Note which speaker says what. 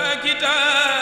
Speaker 1: kita